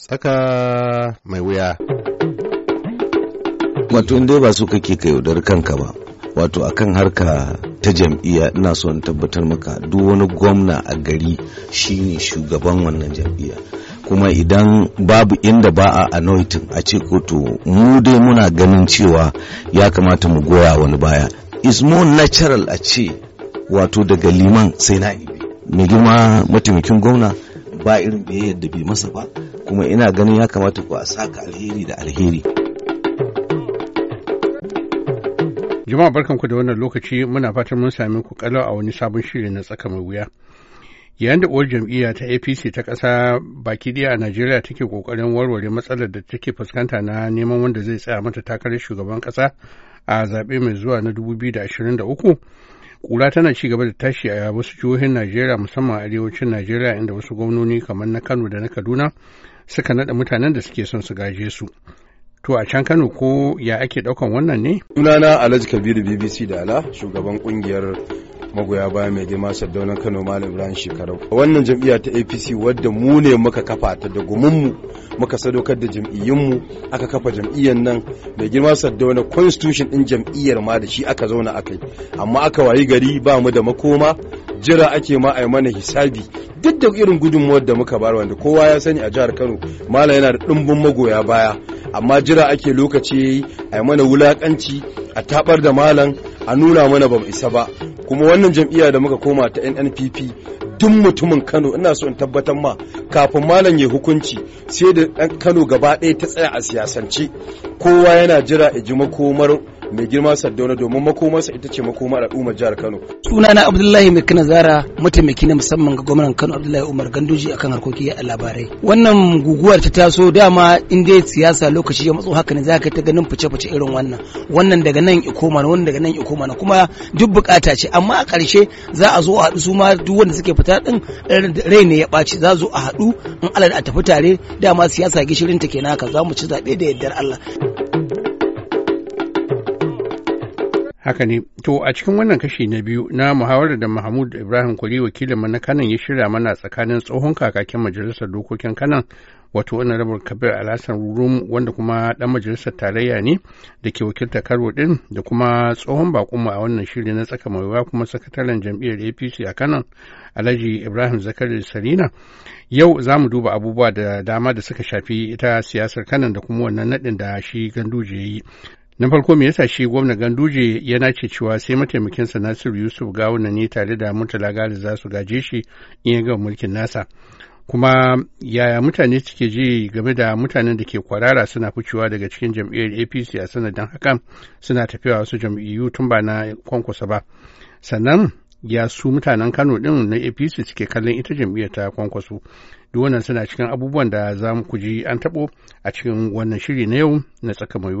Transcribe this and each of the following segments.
Tsaka mai wuya. Wato in dai ba su kake ka yaudar kanka ba, wato akan harka ta jam'iyya ina so in tabbatar maka duk wani gwamna a gari shine shugaban wannan jam'iyya. kuma idan babu inda ba a anointing a ce kotu mu dai muna ganin cewa ya kamata mu goya wani baya is more natural a ce wato daga liman sai na mai girma mataimakin gwamna ba irin biyayyar da bai masa ba kuma ina ganin ya kamata ku a saka alheri da alheri Jama'a barkanku da wannan lokaci muna fatan mun sami ku kalau a wani sabon shirin na tsaka mai wuya. Yayin da uwar jam'iyya ta APC ta ƙasa baki ɗaya a Najeriya take ƙoƙarin warware matsalar da take fuskanta na neman wanda zai tsaya mata takarar shugaban ƙasa a zaɓe mai zuwa na 2023. Kura tana ci gaba da tashi a wasu jihohin Najeriya musamman a arewacin Najeriya inda wasu gwamnoni kamar na Kano da na Kaduna suka naɗa mutanen da suke son su gaje su. To a can Kano ko ya ake ɗaukan wannan ne? Sunana Alhaji Kabiru BBC da Ala, shugaban ƙungiyar magoya baya mai girma sardaunan kano malam ibrahim shekarau wannan jam'iyya ta apc wadda mu ne muka kafa ta da gumunmu muka sadaukar da jam'iyyunmu aka kafa jam'iyyar nan mai girma sardaunan constitution din jam'iyyar ma da shi aka zauna aka yi amma aka wayi gari ba mu da makoma jira ake ma a mana hisabi duk da irin gudunmuwar da muka bar wanda kowa ya sani a jihar kano malam yana da ɗumbin magoya baya amma jira ake lokaci a mana wulakanci a tabar da malam a nuna mana bamu isa ba kuma wannan jam'iyya da muka koma ta nnpp duk mutumin kano ina so in tabbatar ma kafin malam ya hukunci sai da ɗan kano gaba ɗaya ta tsaya a siyasance kowa yana jira ijima ji makomar mai girma Sardauna domin makomarsa ita ce makomar al'ummar jihar Kano. Sunana Abdullahi Mai Kana Zara mataimaki na musamman ga gwamnan Kano Abdullahi Umar Ganduji akan harkoki a labarai. Wannan guguwar ta taso dama in dai siyasa lokaci ya matso haka ne za ka ta ganin fice-fice irin wannan. Wannan daga nan ya koma wannan daga nan ya koma kuma duk bukata ce amma a ƙarshe za a zo a haɗu su ma duk wanda suke fita din rai ne ya ɓaci za zo a haɗu in Allah a tafi tare dama siyasa gishirin ta ke haka za mu ci zaɓe da yardar Allah. Haka ne, to a cikin wannan kashi na biyu na muhawarar da Mahmud Ibrahim Kuri wakilin mana kanan ya shirya mana tsakanin tsohon kakakin majalisar dokokin kanan wato rabar Kabir Alhassan Rurum wanda kuma dan majalisar tarayya ne da ke wakiltar Karo din da kuma tsohon bakunmu a wannan shiri na tsaka mai kuma sakataren jam'iyyar APC a kanan Alhaji Ibrahim Zakari Sarina. Yau za mu duba abubuwa da dama da suka shafi ita siyasar kanan da kuma wannan nadin da shi ganduje ya yi. Na farko me yasa shi gwamna Ganduje ya nace cewa sai mataimakinsa Nasiru Yusuf Gawuna ne tare da Murtala Gali za su gaje shi in ya gama mulkin nasa. Kuma yaya mutane suke ji game da mutanen da ke kwarara suna ficewa daga cikin jam'iyyar APC a sanadin hakan suna tafiya wasu jam'iyyu tun ba na kwankwasa ba. Sannan ya su mutanen Kano ɗin na APC suke kallon ita jam'iyyar ta kwankwaso. Duk wannan suna cikin abubuwan da za mu kuji an taɓo a cikin wannan shiri na yau na tsaka mai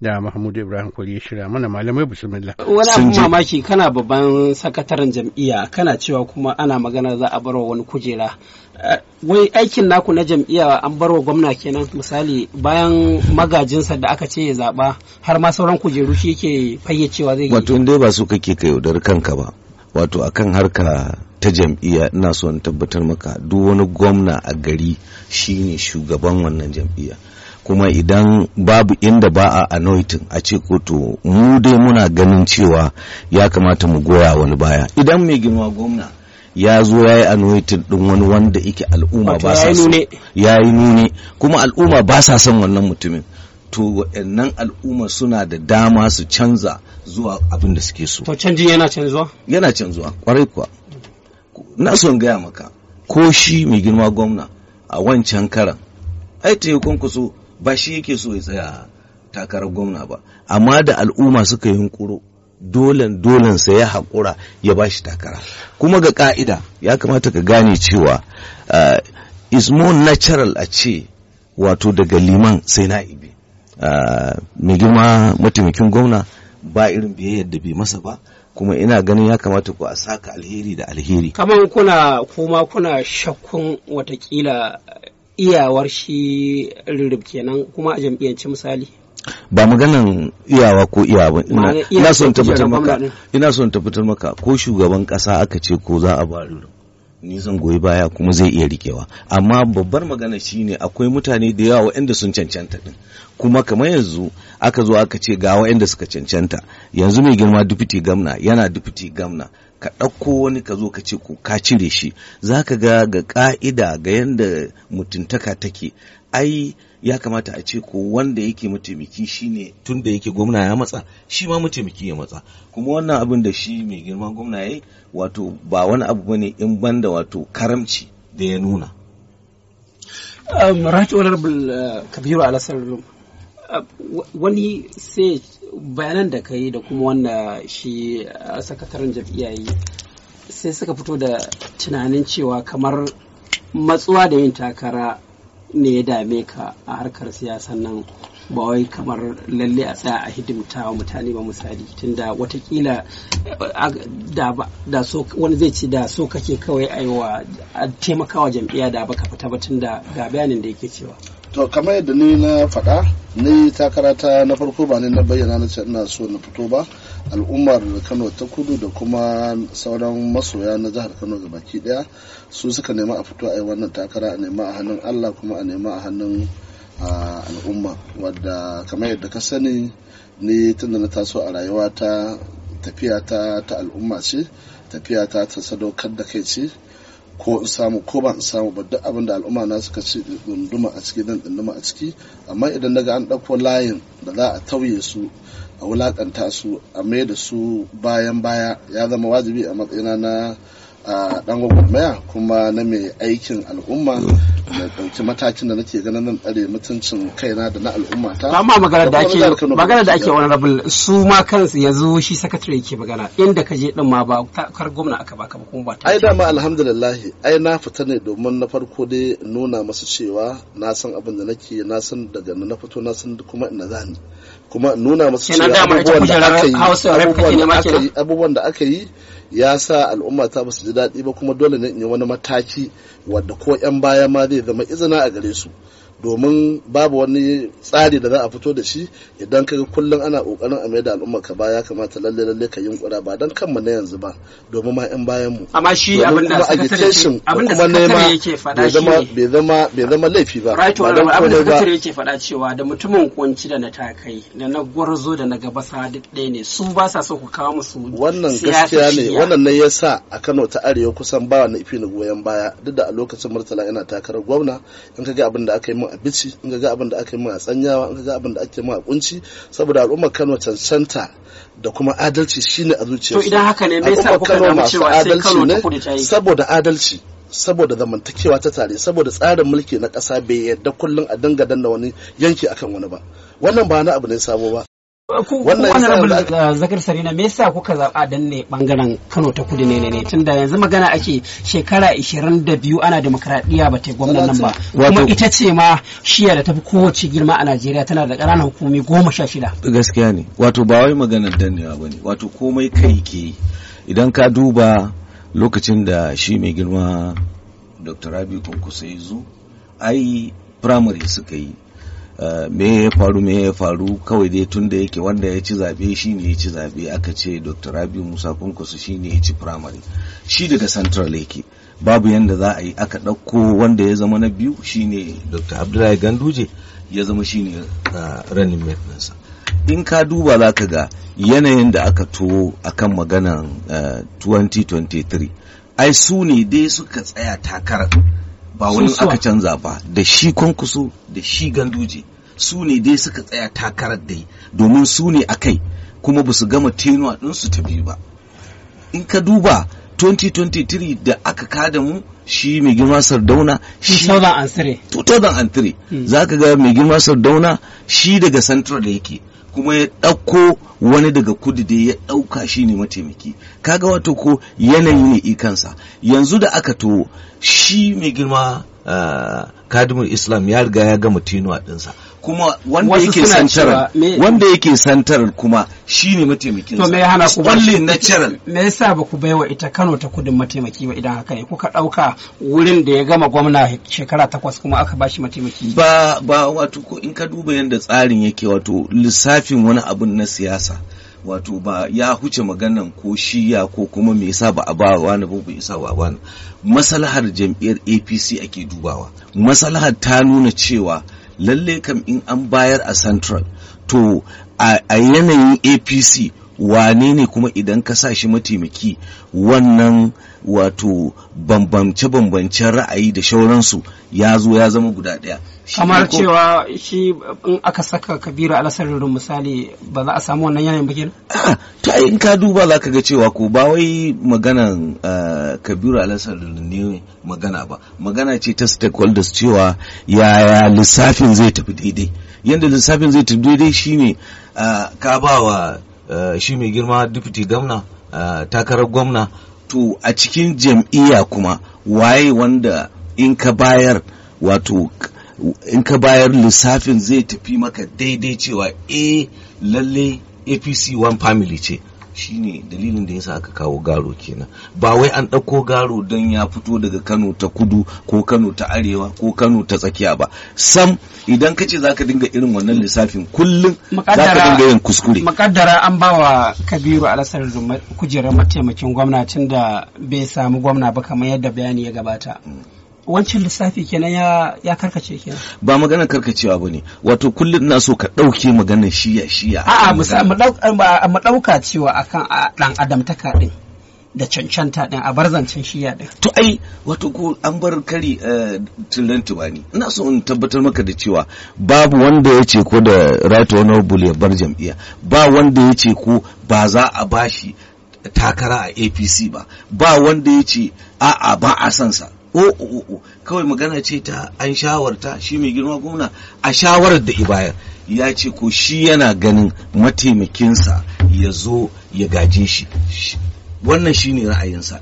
da Mahmud Ibrahim Kwari ya shirya mana malamai bismillah. Wani abu mamaki kana babban sakataren jam'iyya kana cewa kuma ana magana za a barwa wani kujera. Eh, wai aikin naku na jam'iyya an barwa gwamna kenan misali bayan magajinsa da aka ce ya zaba har ma sauran kujeru shi yake fayyacewa zai yi. Wato in dai ba su kake ka yaudar kanka ba. wato a kan harka ta jam'iyya ina so in tabbatar maka duk wani gwamna a gari shi ne shugaban wannan jam'iyya kuma idan babu inda ba a anointing a ce koto mu dai muna ganin cewa ya kamata mu goya wani baya idan mai girma gwamna ya zo ya yi anointing din wani wanda yake al'umma ba sa son ya yi nune kuma al'umma ba sa son wannan mutumin to waɗannan al'umma suna da dama su canza zuwa abin da suke so. To canjin yana canzuwa? Yana canzuwa kwarai kuwa. Na son gaya maka ko shi mai girma gwamna a wancan karan ai ta yi kwankwaso ba shi yake so ya tsaya takarar gwamna ba amma da al'umma suka yi hunkuro dolen dolen sa ya haƙura ya ba shi takara kuma ga ka'ida ya kamata ka gane cewa uh, is more natural a ce wato daga liman sai na ibi uh, mai girma mataimakin gwamna ba irin biyayyar da bai masa ba kuma ina ganin ya kamata ku a saka alheri da alheri kamar kuna kuma kuna shakkun watakila iyawar shi rirrib kenan kuma a jam'iyyance misali ba maganan iyawa ko iyawa ina son maka ko shugaban ƙasa aka ce ko za a ba rirrib Nisan goyi baya kuma zai iya rikewa amma babbar magana shine akwai mutane da yawa waɗanda sun cancanta din kuma kamar yanzu aka zo aka ce ga waɗanda suka cancanta yanzu mai girma dufiti gamna yana dufiti gamna ka ɗauko wani ka zo ka ce ko ka cire shi za ka ga ga ƙa'ida ga yanda mutuntaka take ai ya kamata a ce ko wanda yake mataimaki shine tun da yake gwamna ya matsa shi ma mataimaki ya matsa kuma wannan abin da shi mai girman gwamna ya wato ba wani abu ba ne in banda wato karamci da ya nuna um, right honorable uh, kabiru alasar uh, wani sai bayanan da ka yi da kuma wanda shi uh, sakataren jam'iyya sai suka fito da tunanin cewa kamar matsuwa da yin takara ne ya dame ka a harkar siyasan nan ba wai kamar lalle a tsaya a hidimta wa mutane ba misali da watakila da so wani zai ci da so kake kawai a aiwa taimakawa jam'iyya da baka fita ba tun da ga bayanin da yake cewa to kamar yadda ni na faɗa ni takara ta na farko ba ni na bayyana na ce ina so na fito ba al'ummar kano ta kudu da kuma sauran masoya na jihar kano ga baki daya su suka nema a fito a yi wannan takara a nema a hannun allah kuma a nema a hannun al'umma wadda kamar yadda ka sani ni tun da na taso a rayuwa ta tafiya ta al'umma ce tafiya ta ta sadaukar da kai ce ko in samu ko ba in samu ba duk abin da al'umma na suka ci dunduma a ciki dan dunduma a ciki amma idan naga an ɗauko layin da za a tauye su a wulakanta su a mai da su bayan baya ya zama wajibi a matsayina na dan gwagwarmaya kuma na mai aikin al'umma ɗauki matakin da nake ganin nan ɗare mutuncin kaina da na al'umma ta amma magana da ake magana da ake wani rabin su ma kansu zo shi sakatare yake magana inda ka je ɗin ma ba kar gwamna aka baka ba kuma ba ta ai dama alhamdulillah ai na fita ne domin na farko dai nuna masu cewa na san abin da nake na san daga na fito na san kuma ina zani kuma nuna masu cewa abubuwan da aka yi abubuwan da aka yi ya sa al'umma ta basu ji daɗi ba kuma dole ne in yi wani mataki wadda ko 'yan baya ma zai zama izina a gare su domin babu wani tsari da za a fito da shi idan ka kullum ana kokarin a maida al'umma ka baya kamata lalle lalle ka yunkura ba dan kanmu na yanzu ba domin ma yan bayan mu amma shi abin da agitation kuma nema yake faɗa shi bai zama bai zama laifi ba ba dan suka da yake faɗa cewa da mutumin kunci da na takai da na gwarzo da na sa duk ɗaya ne su ba sa so ku kawo musu wannan gaskiya ne wannan ne yasa a Kano ta Arewa kusan ba na ifi goyon baya duk da a lokacin Murtala yana takarar gwamna in kage abinda aka yi mu a bici in ga abin da aka yi mu a tsanyawa in ga abin da ake mu a kunci saboda al'ummar Kano cancanta da kuma adalci shine a zuciyarsu to idan haka ne me yasa kuka cewa sai Kano ta kudi ta yi saboda adalci saboda zamantakewa ta tare saboda tsarin mulki na ƙasa bai yarda kullum a dinga danna wani yanki akan wani ba wannan ba na abu ne sabo ba wannan zakar sarina me yasa kuka zaɓa dan ne bangaren Kano ta kudu ne ne tunda yanzu magana ake shekara 22 ana demokradiya ba ta gwamnan nan ba kuma ita ce ma shiya da tafi kowace girma a Najeriya tana da ƙananan hukumi goma sha shida gaskiya ne wato ba wai maganar dannewa ba ne wato komai kai ke idan ka duba lokacin da shi mai girma Dr. Rabi kunkusa ya zo ai primary suka yi me ya faru me ya faru kawai dai tun da yake wanda ya ci zaɓe shi ne ya ci zaɓe aka ce dr rabi musa kunkusu shi ne ya ci primary shi daga central yake babu yadda za a yi aka ɗauko wanda ya zama na biyu shi ne dr abdullahi ganduje ya zama ne running mate ɗinsa in ka duba za ka ga yanayin da aka to akan maganan 2023 eh, ai su ne dai suka tsaya takarar ba wani aka canza ba da shi kwankwaso da shi ganduje su ne dai suka tsaya takarar dai domin su ne a kai kuma ba su gama tenuwa ɗinsu ta biyu ba in ka duba 2023 da aka kada mu shi mai girma sardauna shi 2003 hmm. za ka ga mai girma sardauna shi daga central da yake kuma ya ɗauko wani daga kudu da ya ɗauka shi ne mataimaki kaga wato ko yanayi ne ikansa yanzu da aka to shi mai girma ah, kadimar islam ya riga ya gama tinuwa ɗinsa kuma wanda yake santar wanda yake santar kuma shine mataimakin to me hana ku bashi natural me yasa ba ku baiwa ita Kano ta kudin mataimaki ba idan haka ne kuka dauka wurin da ya gama gwamna shekara takwas kuma aka bashi mataimaki ba ba wato ko in ka duba yadda tsarin yake wato lissafin wani abun na siyasa wato ba ya huce maganan ko shiya ko kuma me yasa ba a ba wani ba isa ba wani masalahar jam'iyyar APC ake dubawa masalahar ta nuna cewa lalle kam in an bayar a central to a yanayin apc wane ne kuma idan ka sa shi mataimaki wannan wato bambance-bambancen ra'ayi da shauransu ya zo ya zama guda ɗaya kamar cewa shi in aka saka kabiru alasarin misali ba za a samu wannan yanayin ba ta in ka duba za ka ga cewa ko ba wai maganan eh, kabiru alasarin ne magana ba magana ce ta stakeholders cewa yaya lissafin zai tafi daidai yadda lissafin zai tafi daidai shine eh, ka ba wa eh, shi mai girma deputy gwamna takarar gwamna to a cikin jam'iyya kuma waye wanda in ka bayar wato in ka bayar lissafin zai tafi maka daidai cewa eh lalle apc one family ce shine dalilin da yasa aka kawo garo kenan ba wai an ɗauko garo don ya fito daga kano ta kudu ko kano ta arewa ko kano ta tsakiya ba sam idan ka ce zaka dinga irin wannan lissafin kullum zaka dinga yin kuskure makaddara an bawa kabiru alasar kujerar mataimakin gwamna gwamnatin da bai sami gwamna ba kamar yadda bayani ya gabata mm. wancan lissafi kenan ya ya karkace kenan ba magana karkacewa bane wato kullum ina so ka dauke magana shiya shiya a'a mu dauka cewa akan dan adam ta din da cancanta din a bar shi shiya din to ai wato ko an bar kari eh, tilan tubani ina so in tabbatar maka da cewa babu wanda ya ce ko da right honorable ya bar jam'iyya ba wanda ya ce ko ba za a bashi takara a apc ba ba wanda ya ce a'a ba a san sa. o kawai magana ce ta an shawarta shi mai girma gwamna a shawarar da ibayar ya ce ko shi yana ganin mataimakinsa ya zo ya gaje shi wannan shi ne ra'ayinsa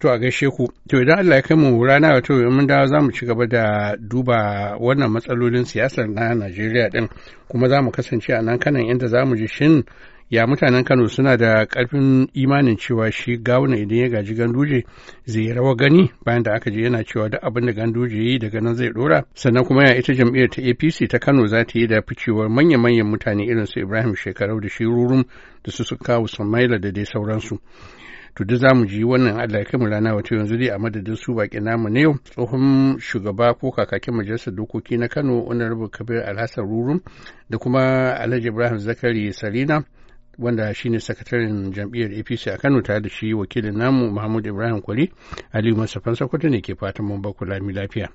to a gaishe ku to idan Allah ya kai mu rana to mun dawa za mu ci gaba da duba wannan matsalolin siyasar na Najeriya din kuma za mu kasance a nan kanan inda za mu ji shin ya mutanen kano suna da karfin imanin cewa shi gawuna idan ya gaji ganduje zai rawa gani bayan da aka je yana cewa duk abin da ganduje yi daga nan zai dora sannan kuma ya ita jam'iyyar ta apc ta kano za ta yi da ficewar manya-manyan mutane irin su ibrahim shekarau da shi rurum da su su kawo samaila da dai sauransu to duk zamu ji wannan Allah ya kaimu rana wato yanzu dai a madadin su baki namu ne tsohon shugaba ko kakakin majalisar dokoki na Kano Honorable Kabir Alhassan Rurum da kuma Alhaji Ibrahim Zakari Salina wanda shi ne sakataren jam'iyyar apc a kano tare da shi wakilin namu mahmud ibrahim kwari aliyu masafan sakwato ne ke fatan mun baku lami lafiya